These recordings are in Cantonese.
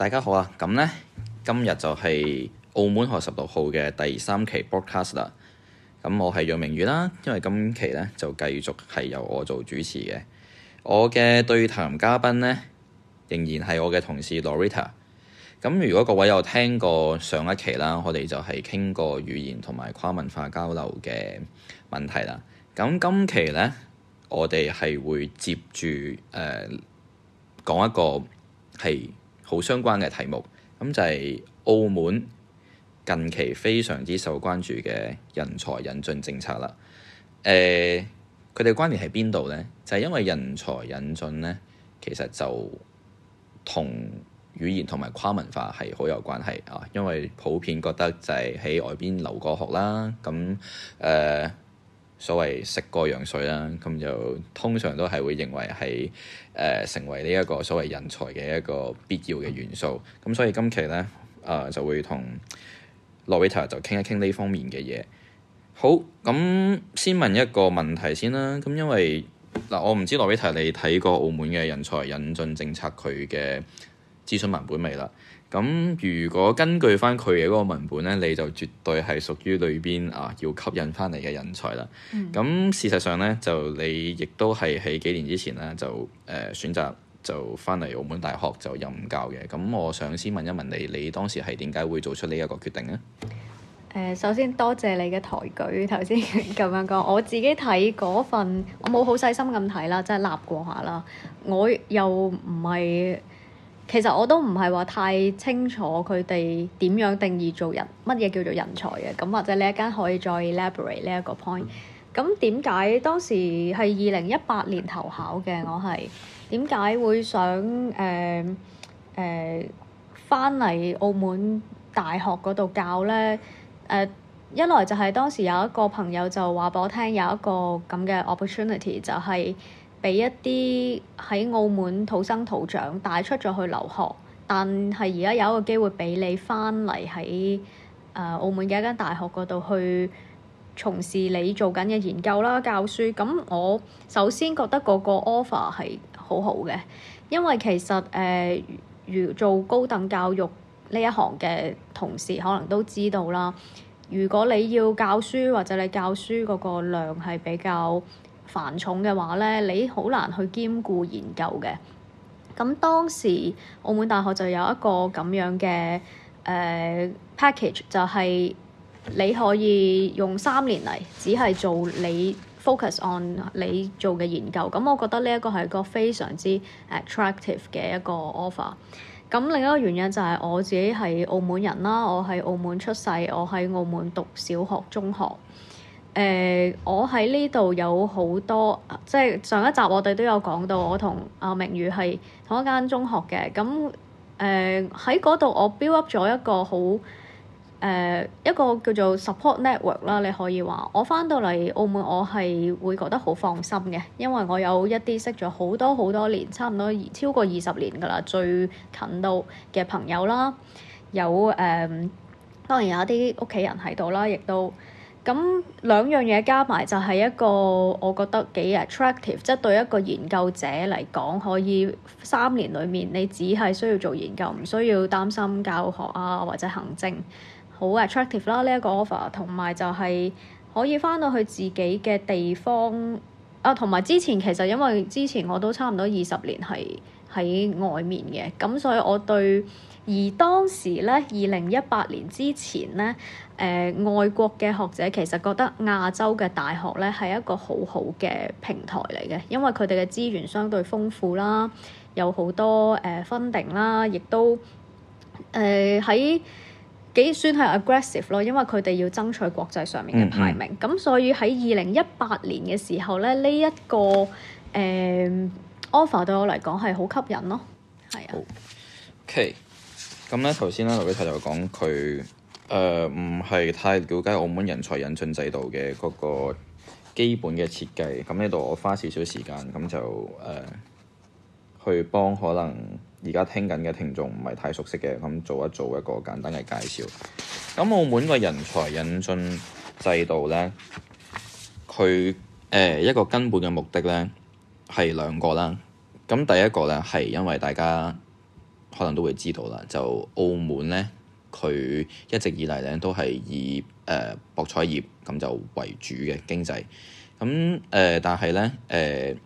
大家好啊！咁呢，今日就係澳門學十六號嘅第三期 broadcast 啦。咁我係楊鳴宇啦，因為今期呢就繼續係由我做主持嘅。我嘅對談嘉賓呢，仍然係我嘅同事 Loretta。咁如果各位有聽過上一期啦，我哋就係傾過語言同埋跨文化交流嘅問題啦。咁今期呢，我哋係會接住誒、呃、講一個係好相關嘅題目，咁就係澳門近期非常之受關注嘅人才引進政策啦。誒、呃，佢哋關聯喺邊度咧？就係、是、因為人才引進咧，其實就同語言同埋跨文化係好有關係啊。因為普遍覺得就係喺外邊留過學啦，咁誒。呃所謂食過洋水啦，咁就通常都係會認為係誒、呃、成為呢一個所謂人才嘅一個必要嘅元素。咁所以今期咧，誒、呃、就會同 Loretta 就傾一傾呢方面嘅嘢。好，咁先問一個問題先啦。咁因為嗱、呃，我唔知 Loretta 你睇過澳門嘅人才引進政策佢嘅諮詢文本未啦？咁如果根據翻佢嘅嗰個文本咧，你就絕對係屬於裏邊啊要吸引翻嚟嘅人才啦。咁、嗯、事實上咧，就你亦都係喺幾年之前咧，就誒、呃、選擇就翻嚟澳門大學就任教嘅。咁我想先問一問你，你當時係點解會做出呢一個決定咧？誒、呃，首先多謝，謝你嘅抬舉，頭先咁樣講，我自己睇嗰份，我冇好細心咁睇啦，真係立過下啦，我又唔係。其實我都唔係話太清楚佢哋點樣定義做人乜嘢叫做人才嘅，咁、嗯、或者你一陣可以再 elaborate 呢一個 point。咁點解當時係二零一八年投考嘅？我係點解會想誒誒翻嚟澳門大學嗰度教呢？誒、呃、一來就係當時有一個朋友就話俾我聽有一個咁嘅 opportunity，就係、是。俾一啲喺澳門土生土長，帶出咗去留學，但係而家有一個機會俾你翻嚟喺澳門嘅一間大學嗰度去從事你做緊嘅研究啦、教書。咁我首先覺得嗰個 offer 係好好嘅，因為其實誒如、呃、做高等教育呢一行嘅同事可能都知道啦，如果你要教書或者你教書嗰、嗰個量係比較繁重嘅話咧，你好難去兼顧研究嘅。咁當時澳門大學就有一個咁樣嘅誒、uh, package，就係你可以用三年嚟，只係做你 focus on 你做嘅研究。咁我覺得呢一個係個非常之 attractive 嘅一個 offer。咁另一個原因就係我自己係澳門人啦，我喺澳門出世，我喺澳門讀小學、中學。誒、呃，我喺呢度有好多，即係上一集我哋都有講到，我同阿明宇係同一間中學嘅。咁誒喺嗰度我 build up 咗一個好誒、呃、一個叫做 support network 啦，你可以話我翻到嚟澳門，我係會覺得好放心嘅，因為我有一啲識咗好多好多年，差唔多超過二十年噶啦，最近到嘅朋友啦，有誒、呃、當然有一啲屋企人喺度啦，亦都。咁兩樣嘢加埋就係一個我覺得幾 attractive，即係對一個研究者嚟講，可以三年裡面你只係需要做研究，唔需要擔心教學啊或者行政，好 attractive 啦呢一個 offer，同埋就係可以翻到去自己嘅地方啊，同埋之前其實因為之前我都差唔多二十年係喺外面嘅，咁所以我對。而當時咧，二零一八年之前咧，誒、呃、外國嘅學者其實覺得亞洲嘅大學咧係一個好好嘅平台嚟嘅，因為佢哋嘅資源相對豐富啦，有好多誒 funding、呃、啦，亦都誒喺、呃、幾算係 aggressive 咯，因為佢哋要爭取國際上面嘅排名。咁、嗯嗯、所以喺二零一八年嘅時候咧，呢、這、一個誒、呃、offer 對我嚟講係好吸引咯，係啊。k、Okay. 咁咧，頭先咧，Loretta 就講佢誒唔係太了解澳門人才引進制度嘅嗰個基本嘅設計。咁呢度我花少少時間，咁就誒、呃、去幫可能而家聽緊嘅聽眾唔係太熟悉嘅，咁做一做一個簡單嘅介紹。咁澳門個人才引進制度咧，佢誒、呃、一個根本嘅目的咧係兩個啦。咁第一個咧係因為大家可能都會知道啦。就澳門咧，佢一直以嚟咧都係以誒、呃、博彩業咁就為主嘅經濟。咁誒、呃，但係咧誒，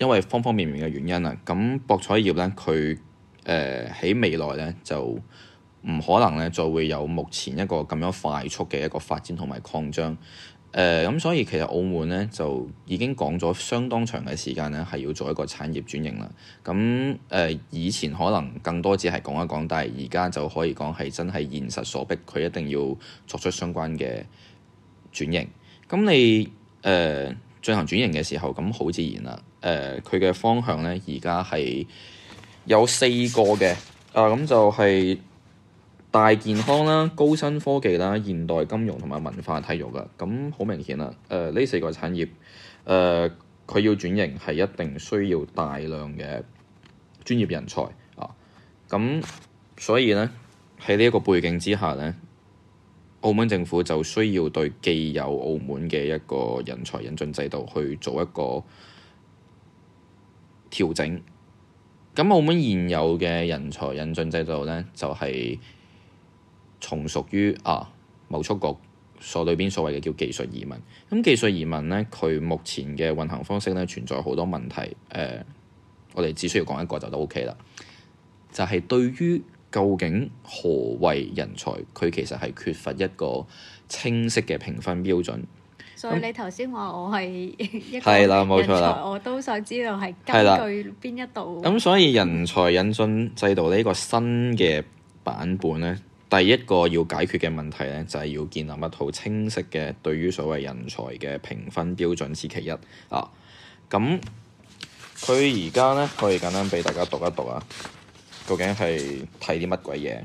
因為方方面面嘅原因啦，咁博彩業咧佢誒喺未來咧就唔可能咧再會有目前一個咁樣快速嘅一個發展同埋擴張。誒咁，uh, 所以其實澳門咧就已經講咗相當長嘅時間咧，係要做一個產業轉型啦。咁誒、呃，以前可能更多只係講一講，但係而家就可以講係真係現實所逼，佢一定要作出相關嘅轉型。咁你誒、呃、進行轉型嘅時候，咁好自然啦。誒、呃，佢嘅方向咧，而家係有四個嘅。啊，咁就係、是。大健康啦、高新科技啦、現代金融同埋文化體育啦，咁好明顯啦。誒、呃，呢四個產業，誒、呃，佢要轉型係一定需要大量嘅專業人才啊。咁所以咧喺呢一個背景之下咧，澳門政府就需要對既有澳門嘅一個人才引進制度去做一個調整。咁澳門現有嘅人才引進制度咧，就係、是。從屬於啊，某出國所裏邊所謂嘅叫技術移民。咁技術移民咧，佢目前嘅運行方式咧存在好多問題。誒、呃，我哋只需要講一個就都 OK 啦。就係對於究竟何為人才，佢其實係缺乏一個清晰嘅評分標準。所以你頭先話我係一個人才，我都想知道係根據邊一度咁。所以人才引進制度呢個新嘅版本咧。第一個要解決嘅問題咧，就係、是、要建立一套清晰嘅對於所謂人才嘅評分標準，是其一啊。咁佢而家咧，可以簡單俾大家讀一讀啊，究竟係睇啲乜鬼嘢？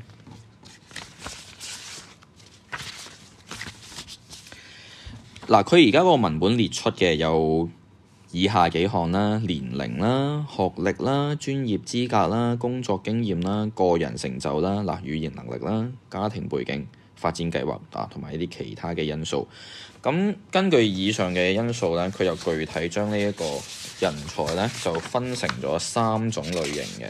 嗱、啊，佢而家個文本列出嘅有，以下幾項啦，年齡啦、學歷啦、專業資格啦、工作經驗啦、個人成就啦、嗱語言能力啦、家庭背景、發展計劃啊，同埋一啲其他嘅因素。咁根據以上嘅因素咧，佢又具體將呢一個人才咧就分成咗三種類型嘅。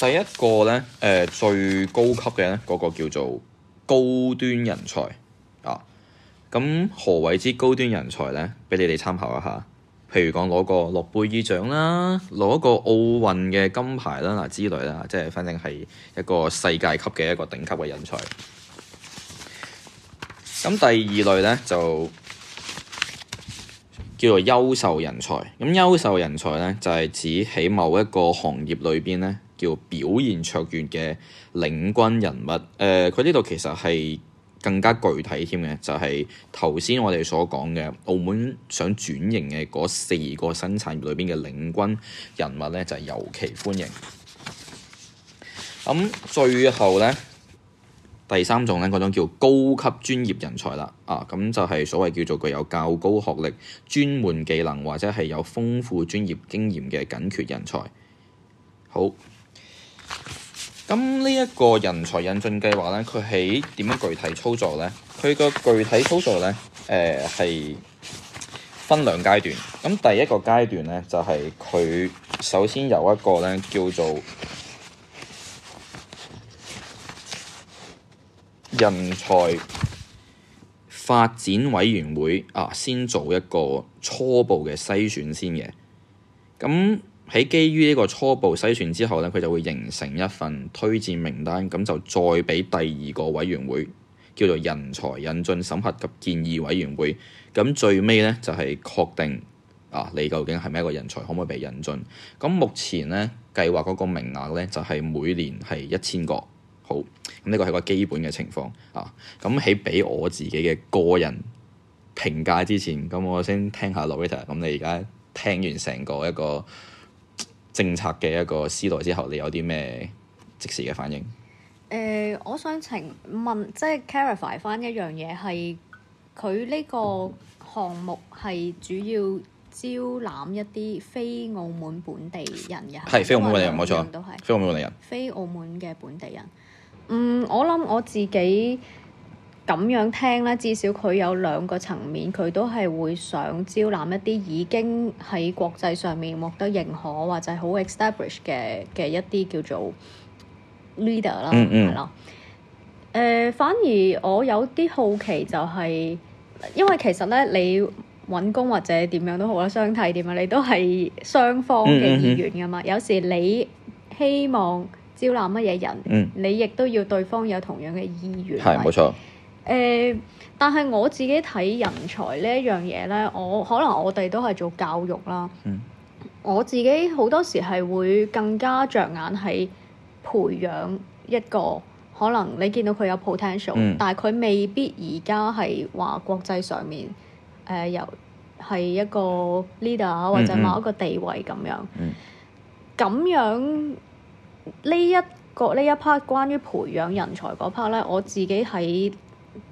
第一個咧，誒最高級嘅咧，嗰個叫做高端人才。咁何謂之高端人才呢？畀你哋參考一下，譬如講攞個諾貝爾獎啦，攞個奧運嘅金牌啦嗱，之類啦，即係反正係一個世界級嘅一個頂級嘅人才。咁第二類咧就叫做優秀人才。咁優秀人才咧就係、是、指喺某一個行業裏邊咧叫表現卓越嘅領軍人物。誒、呃，佢呢度其實係。更加具體添嘅就係頭先我哋所講嘅澳門想轉型嘅嗰四個生產業裏邊嘅領軍人物咧，就係、是、尤其歡迎。咁、嗯、最後咧，第三種咧嗰種叫高級專業人才啦，啊，咁、嗯、就係、是、所謂叫做具有較高學歷、專門技能或者係有豐富專業經驗嘅緊缺人才。好。咁呢一個人才引進計劃咧，佢喺點樣具體操作咧？佢個具體操作咧，誒、呃、係分兩階段。咁第一個階段咧，就係、是、佢首先由一個咧叫做人才發展委員會啊，先做一個初步嘅篩選先嘅。咁喺基於呢個初步篩選之後呢，佢就會形成一份推薦名單，咁就再畀第二個委員會叫做人才引進審核及建議委員會。咁最尾呢，就係確定啊，你究竟係咪一個人才，可唔可以被引進？咁目前呢，計劃嗰個名額呢，就係每年係一千個。好，呢個係個基本嘅情況啊。咁喺畀我自己嘅個人評價之前，咁我先聽下 Loretta。咁你而家聽完成個一個。政策嘅一個思路之後，你有啲咩即時嘅反應？誒、呃，我想請問，即係 clarify 返一樣嘢，係佢呢個項目係主要招攬一啲非澳門本地人嘅。係是或者 非澳門本地人，冇錯，都係非澳門本地人。非澳門嘅本地人。嗯，我諗我自己。咁樣聽咧，至少佢有兩個層面，佢都係會想招攬一啲已經喺國際上面獲得認可或者好 establish 嘅嘅一啲叫做 leader 啦、嗯嗯，係咯。誒、呃，反而我有啲好奇就係、是，因為其實咧，你揾工或者點樣都好啦，相睇點啊，你都係雙方嘅意願噶嘛。嗯嗯嗯，有時你希望招攬乜嘢人，嗯、你亦都要對方有同樣嘅意願，係冇、嗯、錯。誒，uh, 但係我自己睇人才呢一樣嘢咧，我可能我哋都係做教育啦。Mm. 我自己好多時係會更加着眼喺培養一個可能你見到佢有 potential，Mm. 但係佢未必而家係話國際上面誒由係一個 leader 或者某一個地位咁樣。咁樣。Mm hmm. 咁樣呢一個呢一 part 關於培養人才嗰 part 咧，我自己喺。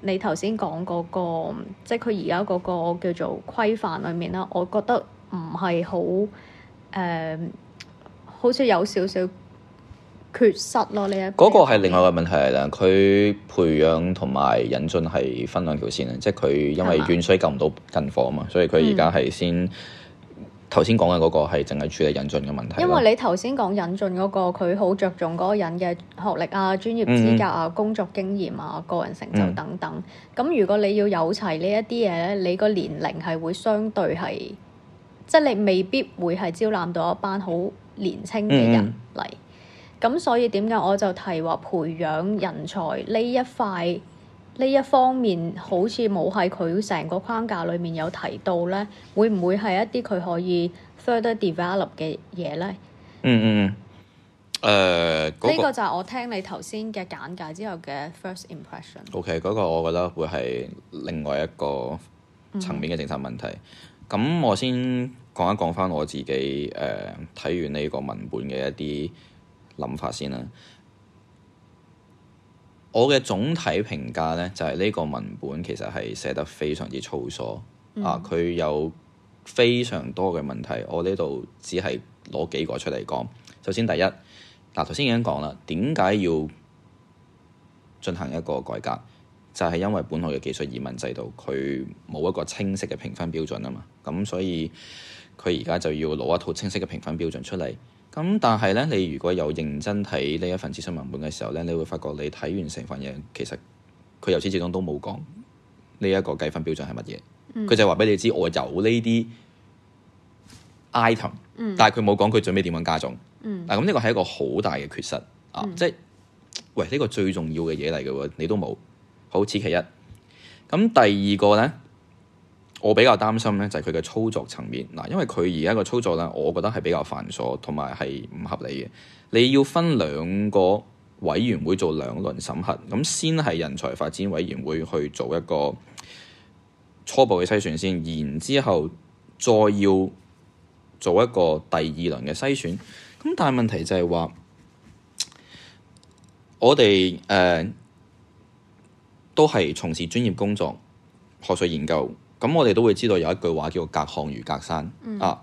你頭先講嗰個，即係佢而家嗰個叫做規範裏面啦，我覺得唔係好誒，好似有少少缺失咯。呢一個，嗰個係另外一個問題嚟啦，佢培養同埋引進係分兩條線啊，即係佢因為遠水救唔到近火啊嘛，所以佢而家係先。嗯頭先講嘅嗰個係淨係處理引進嘅問題，因為你頭先講引進嗰、嗰個佢好着重嗰個人嘅學歷啊、專業資格啊、嗯、工作經驗啊、個人成就等等。咁、嗯、如果你要有齊呢一啲嘢咧，你個年齡係會相對係即係你未必會係招攬到一班好年輕嘅人嚟。咁、嗯、所以點解我就提話培養人才呢一塊？呢一方面好似冇喺佢成個框架裏面有提到咧，會唔會係一啲佢可以 further develop 嘅嘢咧？嗯嗯嗯。誒、呃，呢、嗰個就係我聽你頭先嘅簡介之後嘅 first impression。OK，嗰個我覺得會係另外一個層面嘅政策問題。咁、嗯、我先講一講翻我自己誒睇、呃、完呢個文本嘅一啲諗法先啦。我嘅總體評價呢，就係、是、呢個文本其實係寫得非常之粗疏、嗯、啊！佢有非常多嘅問題，我呢度只係攞幾個出嚟講。首先第一，嗱，頭先已經講啦，點解要進行一個改革？就係、是、因為本澳嘅技術移民制度佢冇一個清晰嘅評分標準啊嘛，咁所以佢而家就要攞一套清晰嘅評分標準出嚟。咁但係咧，你如果有認真睇呢一份諮詢文本嘅時候咧，你會發覺你睇完成份嘢，其實佢由始至終都冇講呢一個計分標準係乜嘢。佢、嗯、就係話俾你知我有呢啲 item、嗯、但係佢冇講佢準備點樣加總。但咁呢個係一個好大嘅缺失啊！嗯、即係喂呢、呢個最重要嘅嘢嚟嘅喎，你都冇。好此其一。咁第二個咧。我比較擔心咧，就係佢嘅操作層面嗱，因為佢而家嘅操作咧，我覺得係比較繁瑣同埋係唔合理嘅。你要分兩個委員會做兩輪審核，咁先係人才發展委員會去做一個初步嘅篩選先，然之後再要做一個第二輪嘅篩選。咁但係問題就係話，我哋誒、呃、都係從事專業工作、學術研究。咁我哋都會知道有一句話叫做隔行如隔山、嗯、啊！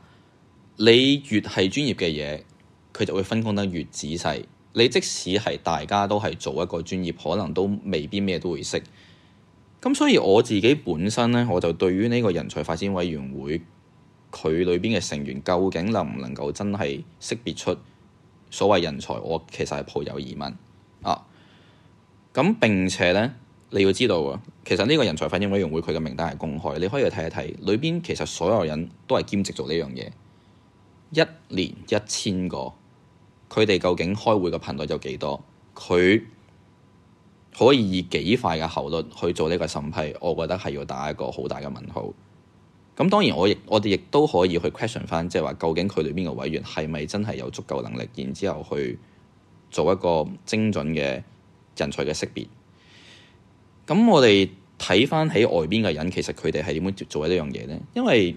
你越係專業嘅嘢，佢就會分工得越仔細。你即使係大家都係做一個專業，可能都未必咩都會識。咁所以我自己本身咧，我就對於呢個人才發展委員會佢裏邊嘅成員，究竟能唔能夠真係識別出所謂人才，我其實係抱有疑問啊！咁並且咧。你要知道啊，其實呢個人才發展委員會佢嘅名單係公開，你可以去睇一睇，裏邊其實所有人都係兼職做呢樣嘢，一年一千個，佢哋究竟開會嘅頻率有幾多？佢可以以幾快嘅效率去做呢個審批，我覺得係要打一個好大嘅問號。咁當然我亦我哋亦都可以去 question 翻，即係話究竟佢裏邊嘅委員係咪真係有足夠能力，然之後去做一個精準嘅人才嘅識別。咁我哋睇翻喺外邊嘅人，其實佢哋係點樣做呢樣嘢呢？因為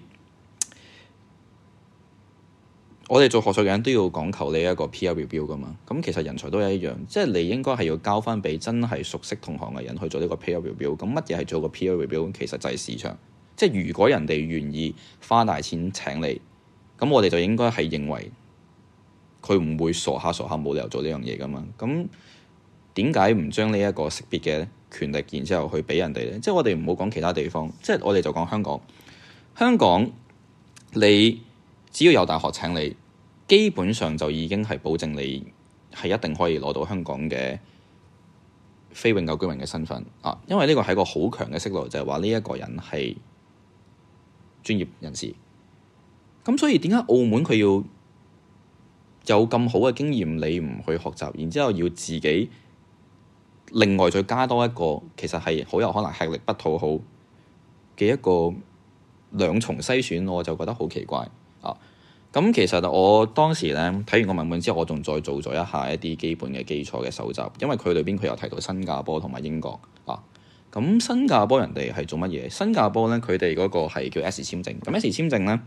我哋做學術嘅人都要講求呢一個 peer review 表噶嘛。咁其實人才都係一樣，即係你應該係要交翻畀真係熟悉同行嘅人去做呢個 peer review 表。咁乜嘢係做個 peer review 表？其實就係市場。即係如果人哋願意花大錢請你，咁我哋就應該係認為佢唔會傻下傻下，冇理由做呢樣嘢噶嘛。咁點解唔將呢一個識別嘅呢？權力，然之後去畀人哋咧，即係我哋唔好講其他地方，即係我哋就講香港。香港你只要有大學請你，基本上就已經係保證你係一定可以攞到香港嘅非永久居民嘅身份啊！因為呢個係個好強嘅信號，就係話呢一個人係專業人士。咁所以點解澳門佢要有咁好嘅經驗，你唔去學習，然之後要自己？另外再加多一個，其實係好有可能吃力不討好嘅一個兩重篩選，我就覺得好奇怪啊！咁其實我當時呢睇完個文本之後，我仲再做咗一下一啲基本嘅基礎嘅蒐集，因為佢裏邊佢有提到新加坡同埋英國啊。咁新加坡人哋係做乜嘢？新加坡呢，佢哋嗰個係叫 S 簽證。咁 S 簽證呢，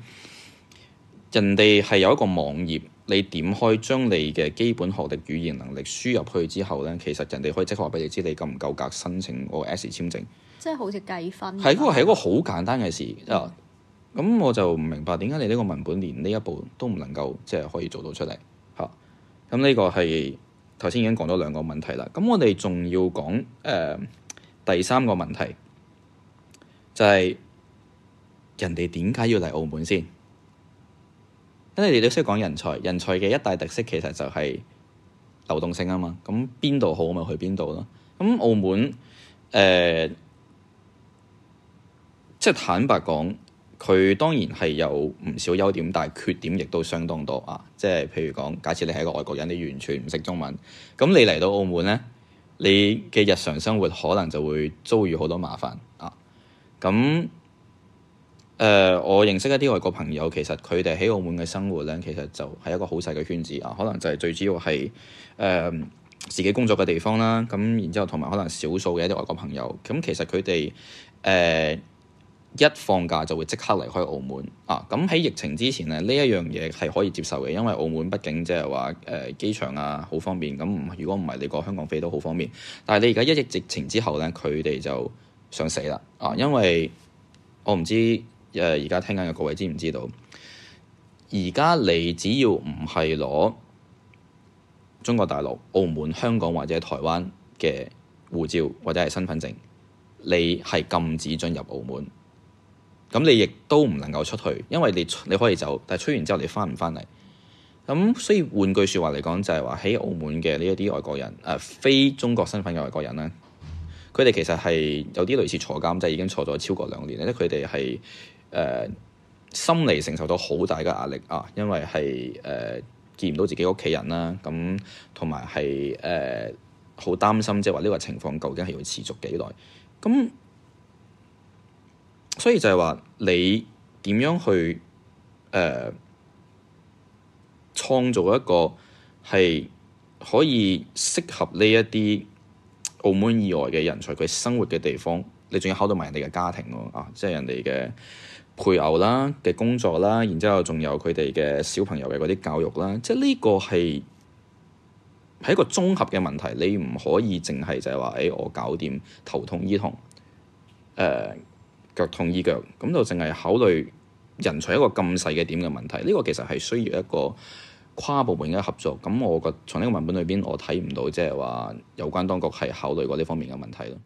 人哋係有一個網頁。你點開，將你嘅基本學歷、語言能力輸入去之後咧，其實人哋可以即刻話俾你知，你，你夠唔夠格申請個 S 簽證。即係好似計分。係，嗰個係一個好簡單嘅事。咁、嗯嗯、我就唔明白點解你呢個文本連呢一步都唔能夠即係、就是、可以做到出嚟嚇？咁、嗯、呢個係頭先已經講咗兩個問題啦。咁我哋仲要講誒、呃、第三個問題，就係、是、人哋點解要嚟澳門先？因為你哋都識講人才，人才嘅一大特色其實就係流動性啊嘛。咁邊度好咪去邊度咯。咁澳門誒，即係坦白講，佢當然係有唔少優點，但係缺點亦都相當多啊。即係譬如講，假設你係一個外國人，你完全唔識中文，咁你嚟到澳門咧，你嘅日常生活可能就會遭遇好多麻煩啊。咁誒、呃，我認識一啲外國朋友，其實佢哋喺澳門嘅生活咧，其實就係一個好細嘅圈子啊。可能就係最主要係誒、呃、自己工作嘅地方啦。咁、啊、然之後同埋可能少數嘅一啲外國朋友咁、啊，其實佢哋誒一放假就會即刻離開澳門啊。咁喺疫情之前咧，呢一樣嘢係可以接受嘅，因為澳門畢竟即係話誒機場啊，好方便。咁、啊、唔如果唔係你過香港飛都好方便，但係你而家一疫情之後咧，佢哋就想死啦啊！因為我唔知。誒而家聽緊嘅各位知唔知道？而家你只要唔係攞中國大陸、澳門、香港或者台灣嘅護照或者係身份證，你係禁止進入澳門。咁你亦都唔能夠出去，因為你你可以走，但係出完之後你返唔返嚟？咁所以換句說話嚟講，就係話喺澳門嘅呢一啲外國人，誒、呃、非中國身份嘅外國人咧，佢哋其實係有啲類似坐監，就係、是、已經坐咗超過兩年，因為佢哋係。呃、心理承受到好大嘅壓力啊！因為係誒、呃、見唔到自己屋企人啦，咁同埋係誒好擔心，即係話呢個情況究竟係要持續幾耐？咁所以就係話你點樣去誒、呃、創造一個係可以適合呢一啲澳門以外嘅人才佢生活嘅地方？你仲要考慮埋人哋嘅家庭咯啊！即係人哋嘅。配偶啦嘅工作啦，然之後仲有佢哋嘅小朋友嘅嗰啲教育啦，即係呢個係係一個綜合嘅問題，你唔可以淨係就係話誒我搞掂頭痛醫痛、誒、呃、腳痛醫腳，咁就淨係考慮人才一個咁細嘅點嘅問題。呢、這個其實係需要一個跨部門嘅合作。咁我覺從呢個文本裏邊，我睇唔到即係話有關當局係考慮過呢方面嘅問題咯。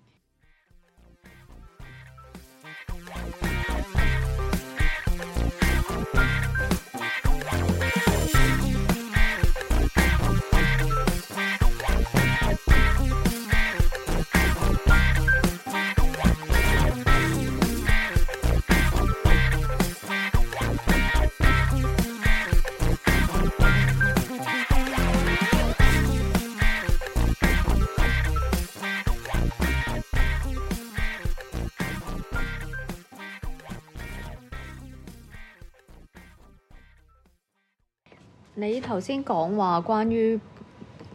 頭先講話關於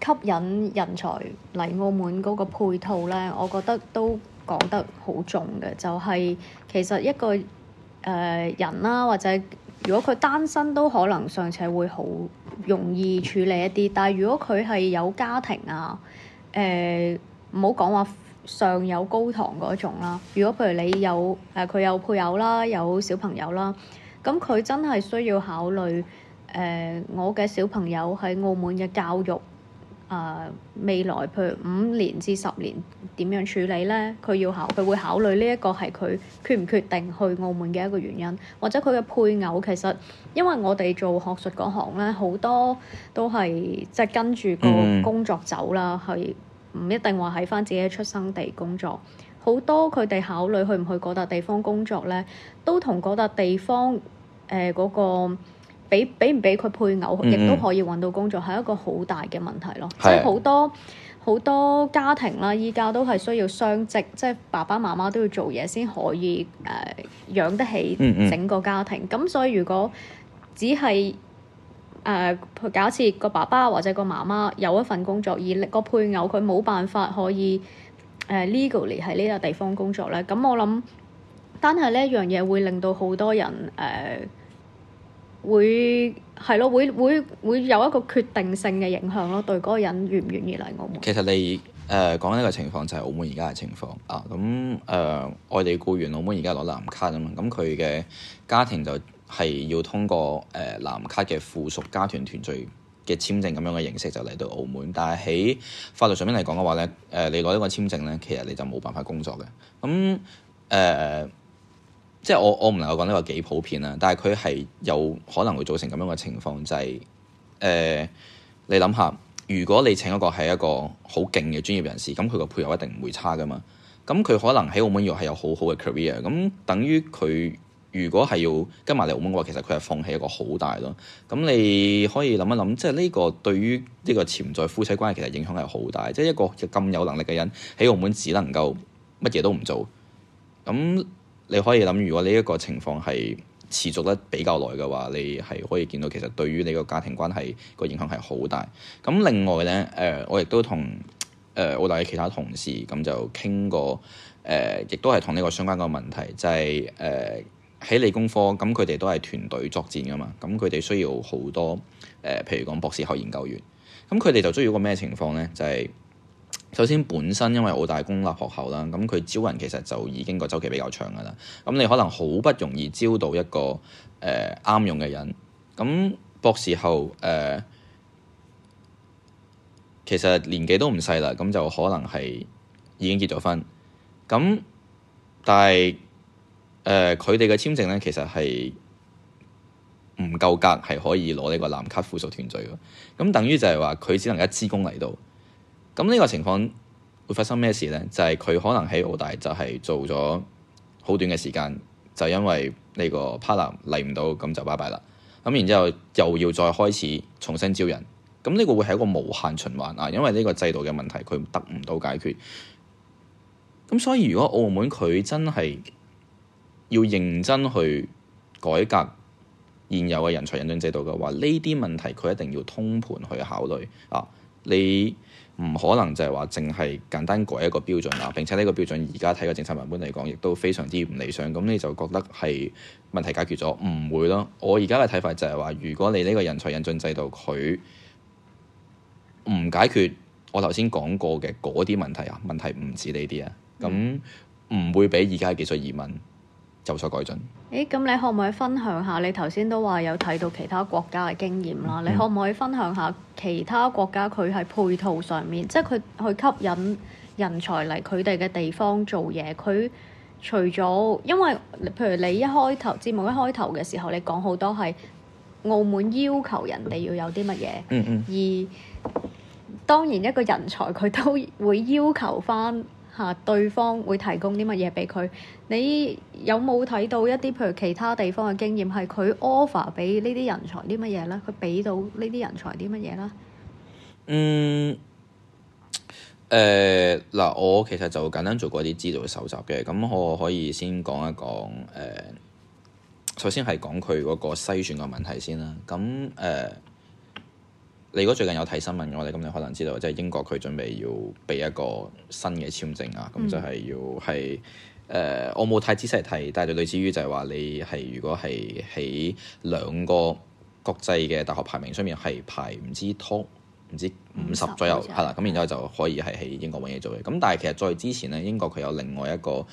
吸引人才嚟澳門嗰個配套咧，我覺得都講得好重嘅，就係、是、其實一個誒、呃、人啦、啊，或者如果佢單身都可能尚且會好容易處理一啲，但係如果佢係有家庭啊，誒唔好講話上有高堂嗰種啦，如果譬如你有誒佢、呃、有配偶啦，有小朋友啦，咁佢真係需要考慮。誒、呃，我嘅小朋友喺澳門嘅教育啊、呃，未來譬如五年至十年點樣處理咧？佢要考佢會考慮呢一個係佢決唔決定去澳門嘅一個原因，或者佢嘅配偶其實因為我哋做學術嗰行咧，好多都係即係跟住個工作走啦，係唔、嗯、一定話喺翻自己出生地工作，好多佢哋考慮去唔去嗰笪地方工作咧，都同嗰笪地方誒嗰、呃嗰個。俾唔俾佢配偶亦都可以揾到工作，係、嗯嗯、一個好大嘅問題咯。即係好多好多家庭啦，依家都係需要雙職，即、就、係、是、爸爸媽媽都要做嘢先可以誒、呃、養得起整個家庭。咁、嗯嗯、所以如果只係誒、呃、假設個爸爸或者個媽媽有一份工作，而個配偶佢冇辦法可以、呃、legally 喺呢個地方工作呢，咁我諗單係呢一樣嘢會令到好多人誒。呃會係咯，會會會有一個決定性嘅影響咯，對嗰個人願唔願意嚟澳門。其實你誒講緊一個情況就係澳門而家嘅情況啊，咁誒、呃、外地雇員澳門而家攞藍卡啊嘛，咁佢嘅家庭就係要通過誒、呃、藍卡嘅附屬家庭團聚嘅簽證咁樣嘅形式就嚟到澳門，但係喺法律上面嚟講嘅話咧，誒、呃、你攞呢個簽證咧，其實你就冇辦法工作嘅。咁誒。呃即係我，我唔能夠講呢個幾普遍啦。但係佢係有可能會造成咁樣嘅情況，就係、是、誒、呃、你諗下，如果你請一個係一個好勁嘅專業人士，咁佢個配偶一定唔會差㗎嘛。咁佢可能喺澳門要係有好好嘅 career，咁等於佢如果係要跟埋嚟澳門嘅話，其實佢係放棄一個好大咯。咁你可以諗一諗，即係呢個對於呢個潛在夫妻關係其實影響係好大。即係一個咁有能力嘅人喺澳門只能夠乜嘢都唔做，咁。你可以諗，如果呢一個情況係持續得比較耐嘅話，你係可以見到其實對於你個家庭關係個影響係好大。咁另外咧，誒、呃、我亦都同誒、呃、我哋其他同事咁就傾過，誒、呃、亦都係同呢個相關嘅問題，就係誒喺理工科，咁佢哋都係團隊作戰㗎嘛，咁佢哋需要好多誒、呃，譬如講博士後研究員，咁佢哋就需要個咩情況咧？就係、是首先本身因為澳大公立學校啦，咁佢招人其實就已經個周期比較長噶啦。咁你可能好不容易招到一個誒啱、呃、用嘅人，咁博士後誒、呃、其實年紀都唔細啦，咁就可能係已經結咗婚。咁但係誒佢哋嘅簽證咧，其實係唔夠格係可以攞呢個藍卡附屬團聚嘅。咁等於就係話佢只能一支公嚟到。咁呢個情況會發生咩事呢？就係、是、佢可能喺澳大就係做咗好短嘅時間，就因為呢個 partner 嚟唔到，咁就拜拜啦。咁然之後又要再開始重新招人，咁呢個會係一個無限循環啊！因為呢個制度嘅問題，佢得唔到解決。咁所以如果澳門佢真係要認真去改革現有嘅人才引進制度嘅話，呢啲問題佢一定要通盤去考慮啊！你唔可能就係話淨係簡單改一個標準啊！並且呢個標準而家睇個政策文本嚟講，亦都非常之唔理想。咁你就覺得係問題解決咗？唔會咯！我而家嘅睇法就係話，如果你呢個人才引進制度佢唔解決我頭先講過嘅嗰啲問題啊，問題唔止呢啲啊，咁唔會畀而家嘅技術移民。就所改進。誒、欸，咁你可唔可以分享下？你頭先都話有睇到其他國家嘅經驗啦。嗯、你可唔可以分享下其他國家佢係配套上面，即係佢去吸引人才嚟佢哋嘅地方做嘢。佢除咗，因為譬如你一開頭節目一開頭嘅時候，你講好多係澳門要求人哋要有啲乜嘢。嗯嗯。而當然，一個人才佢都會要求返。啊！對方會提供啲乜嘢俾佢？你有冇睇到一啲譬如其他地方嘅經驗，係佢 offer 俾呢啲人才啲乜嘢咧？佢俾到呢啲人才啲乜嘢啦？嗯，誒、呃、嗱，我其實就簡單做過啲資料蒐集嘅，咁我可以先講一講誒、呃，首先係講佢嗰個篩選嘅問題先啦，咁誒。呃你如果最近有睇新聞嘅話咧，咁你可能知道，即係英國佢準備要畀一個新嘅簽證啊，咁、嗯、就係要係誒、呃，我冇太仔細睇，但係就類似於就係話你係如果係喺兩個國際嘅大學排名上面係排唔知 top，唔知五十左右，係啦，咁的、嗯、然之後就可以係喺英國揾嘢做嘅。咁但係其實在之前咧，英國佢有另外一個誒、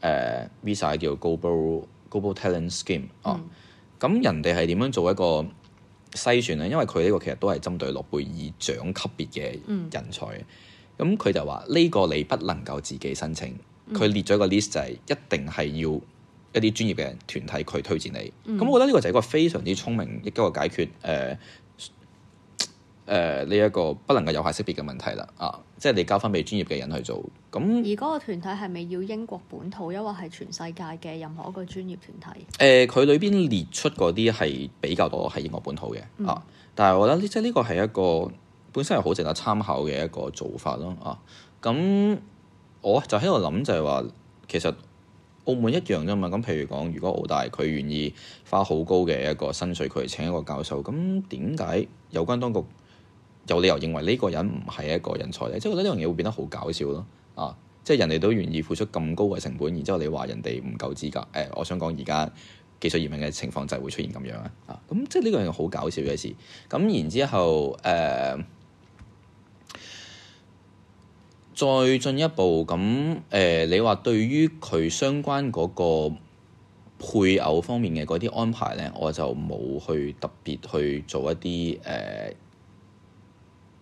呃、visa 叫 Global, Global Talent Scheme、嗯、啊，咁人哋係點樣做一個篩選咧，因為佢呢個其實都係針對諾貝爾獎級別嘅人才。咁佢、嗯、就話呢、呢個你不能夠自己申請，佢、嗯、列咗個 list 就係一定係要一啲專業嘅團體佢推薦你。咁、嗯、我覺得呢個就係一個非常之聰明亦都一個解決誒、呃誒呢一個不能夠有效識別嘅問題啦，啊、呃，即係你交翻俾專業嘅人去做，咁而嗰個團體係咪要英國本土，抑或係全世界嘅任何一個專業團體？誒，佢裏邊列出嗰啲係比較多係英國本土嘅，啊，但係我覺得呢，即係呢個係一個本身係好值得參考嘅一個做法咯，啊，咁我就喺度諗就係話，其實澳門一樣啫嘛，咁譬如講，如果澳大佢願意花好高嘅一個薪水，佢請一個教授，咁點解有關當局有理由認為呢個人唔係一個人才咧，即係覺得呢樣嘢會變得好搞笑咯。啊，即係人哋都願意付出咁高嘅成本，然之後你話人哋唔夠資格。誒、呃，我想講而家技術移民嘅情況就係會出現咁樣啊。咁即係呢個係好搞笑嘅事。咁然之後誒、呃，再進一步咁誒、呃，你話對於佢相關嗰個配偶方面嘅嗰啲安排咧，我就冇去特別去做一啲誒。呃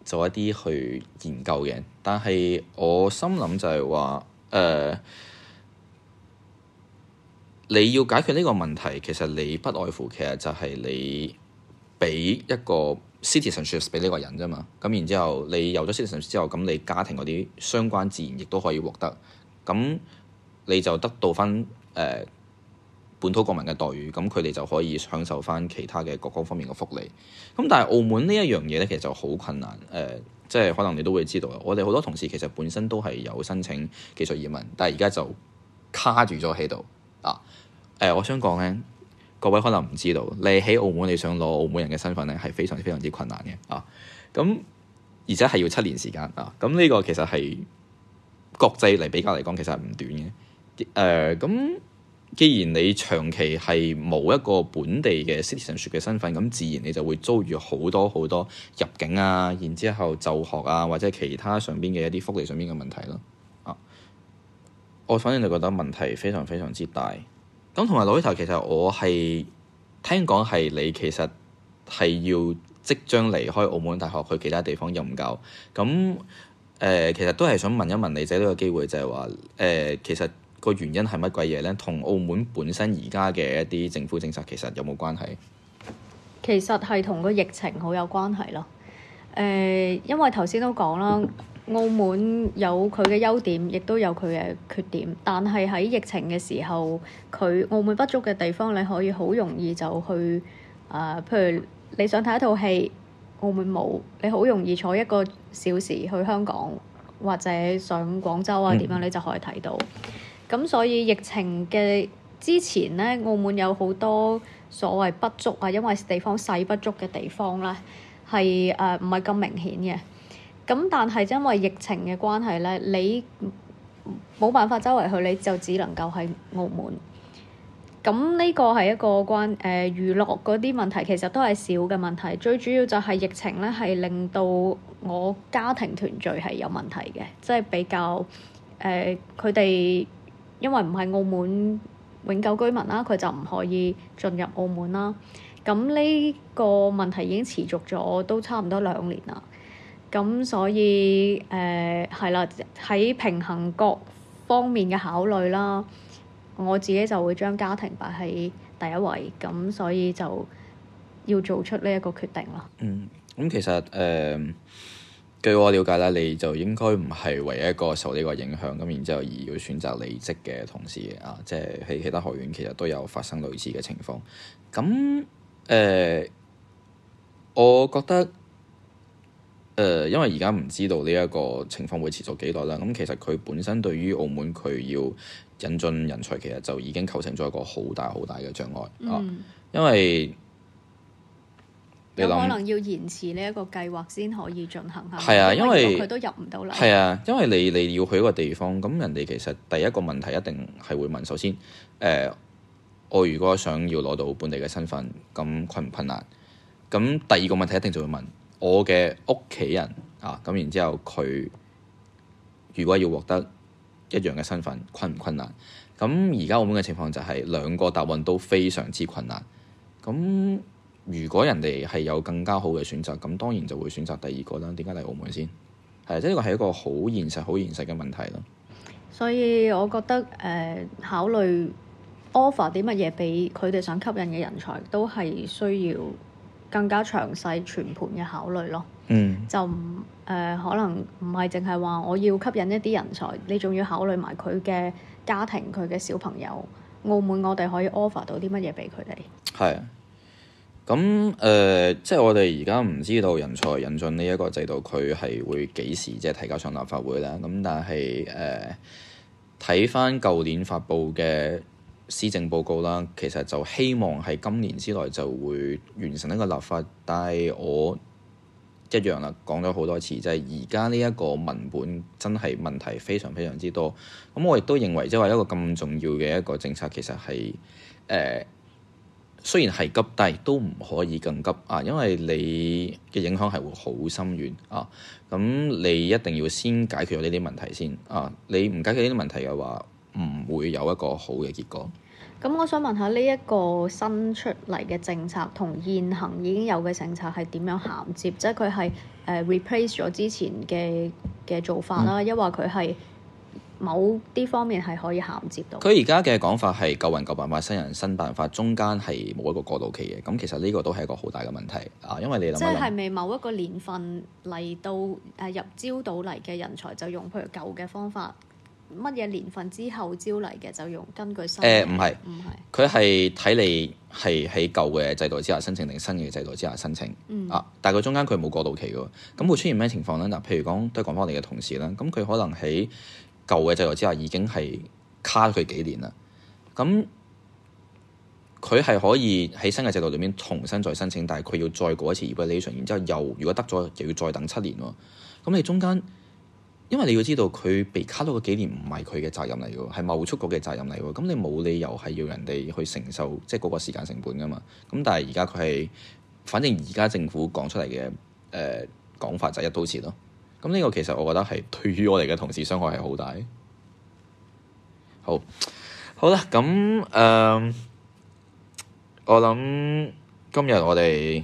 做一啲去研究嘅，但係我心諗就係話，誒、呃，你要解決呢個問題，其實你不外乎其實就係你俾一個 citizenship 俾呢個人啫嘛，咁然之後，你有咗 citizenship 之後，咁你家庭嗰啲相關自然亦都可以獲得，咁你就得到翻誒。呃本土國民嘅待遇，咁佢哋就可以享受返其他嘅各方方面嘅福利。咁但係澳門呢一樣嘢咧，其實就好困難。誒、呃，即係可能你都會知道嘅。我哋好多同事其實本身都係有申請技術移民，但係而家就卡住咗喺度啊。誒、呃，我想講咧，各位可能唔知道，你喺澳門你想攞澳門人嘅身份咧，係非常非常之困難嘅啊。咁而且係要七年時間啊。咁呢個其實係國際嚟比較嚟講，其實係唔短嘅。誒、呃、咁。既然，你長期係冇一個本地嘅 citizenship 嘅身份，咁自然你就會遭遇好多好多入境啊，然之後就學啊，或者其他上邊嘅一啲福利上邊嘅問題咯、啊。我反正就覺得問題非常非常之大。咁同埋老實提，其實我係聽講係你其實係要即將離開澳門大學去其他地方任教。咁誒、呃，其實都係想問一問你仔呢、這個機會就，就係話誒，其實。個原因係乜鬼嘢呢？同澳門本身而家嘅一啲政府政策其實有冇關係？其實係同個疫情好有關係咯。誒、呃，因為頭先都講啦，澳門有佢嘅優點，亦都有佢嘅缺點。但係喺疫情嘅時候，佢澳門不足嘅地方，你可以好容易就去啊、呃。譬如你想睇一套戲，澳門冇，你好容易坐一個小時去香港或者上廣州啊，點、嗯、樣你就可以睇到。咁所以疫情嘅之前咧，澳門有好多所謂不足啊，因為地方細不足嘅地方咧，係誒唔係咁明顯嘅。咁但係因為疫情嘅關係咧，你冇辦法周圍去，你就只能夠喺澳門。咁呢個係一個關誒娛樂嗰啲問題，其實都係少嘅問題。最主要就係疫情咧，係令到我家庭團聚係有問題嘅，即係比較誒佢哋。因為唔係澳門永久居民啦，佢就唔可以進入澳門啦。咁呢個問題已經持續咗都差唔多兩年啦。咁所以誒係啦，喺、呃、平衡各方面嘅考慮啦，我自己就會將家庭擺喺第一位。咁所以就要做出呢一個決定啦、嗯。嗯，咁其實誒。呃據我了解咧，你就應該唔係唯一一個受呢個影響，咁然之後而要選擇離職嘅同事啊，即係喺其他學院其實都有發生類似嘅情況。咁誒、呃，我覺得誒、呃，因為而家唔知道呢一個情況會持續幾耐啦。咁、啊、其實佢本身對於澳門佢要引進人才，其實就已經構成咗一個好大好大嘅障礙、嗯、啊，因為。有可能要延遲呢一個計劃先可以進行，係咪？係啊，因為佢都入唔到嚟。係啊，因為你你要去一個地方，咁人哋其實第一個問題一定係會問，首先，誒、呃，我如果想要攞到本地嘅身份，咁困唔困難？咁第二個問題一定就會問，我嘅屋企人啊，咁然之後佢如果要獲得一樣嘅身份，困唔困難？咁而家澳門嘅情況就係、是、兩個答案都非常之困難，咁。如果人哋係有更加好嘅選擇，咁當然就會選擇第二個啦。點解嚟澳門先？係即呢個係一個好現實、好現實嘅問題咯。所以我覺得誒、呃，考慮 offer 啲乜嘢俾佢哋，想吸引嘅人才都係需要更加詳細全盤嘅考慮咯。嗯，就唔誒、呃，可能唔係淨係話我要吸引一啲人才，你仲要考慮埋佢嘅家庭、佢嘅小朋友。澳門我哋可以 offer 到啲乜嘢俾佢哋？係。咁誒、呃，即係我哋而家唔知道人才引進呢一個制度，佢係會幾時即係提交上立法會咧？咁但係誒，睇翻舊年發布嘅施政報告啦，其實就希望喺今年之內就會完成一個立法。但係我一樣啦，講咗好多次，就係而家呢一個文本真係問題非常非常之多。咁我亦都認為即係話一個咁重要嘅一個政策，其實係誒。呃雖然係急，但係都唔可以更急啊，因為你嘅影響係會好深遠啊。咁你一定要先解決咗呢啲問題先啊。你唔解決呢啲問題嘅話，唔會有一個好嘅結果。咁我想問下呢一個新出嚟嘅政策同現行已經有嘅政策係點樣銜接？即係佢係誒 replace 咗之前嘅嘅做法啦，抑或佢係。某啲方面係可以銜接到，佢而家嘅講法係舊人、舊辦法，新人新辦法，中間係冇一個過渡期嘅。咁其實呢個都係一個好大嘅問題啊！因為你諗，即係係咪某一個年份嚟到誒、啊、入招到嚟嘅人才就用譬如舊嘅方法，乜嘢年份之後招嚟嘅就用根據新？誒唔係，唔係，佢係睇你係喺舊嘅制度之下申請定新嘅制度之下申請、嗯、啊！但係佢中間佢冇過渡期嘅，咁會出現咩情況咧？嗱，譬如講都係講翻你嘅同事啦，咁佢可能喺舊嘅制度之下已經係卡咗佢幾年啦，咁佢係可以喺新嘅制度裏面重新再申請，但係佢要再過一次 evaluation，然之後又如果得咗，又要再等七年喎、哦。咁、嗯、你中間，因為你要知道佢被卡咗個幾年唔係佢嘅責任嚟嘅喎，係貿促局嘅責任嚟喎。咁、嗯、你冇理由係要人哋去承受即係嗰個時間成本㗎嘛。咁、嗯、但係而家佢係，反正而家政府講出嚟嘅誒講法就一刀切咯。咁呢個其實我覺得係對於我哋嘅同事傷害係好大。好，好啦，咁誒、呃，我諗今日我哋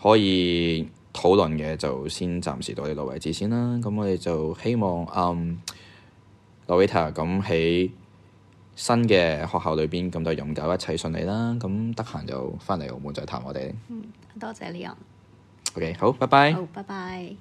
可以討論嘅就先暫時到呢度為止先啦。咁我哋就希望誒，Loretta 咁喺新嘅學校裏邊咁就飲酒一切順利啦。咁得閒就翻嚟澳門再談我哋。嗯，多謝 Leon。OK，好，拜拜。好，拜拜。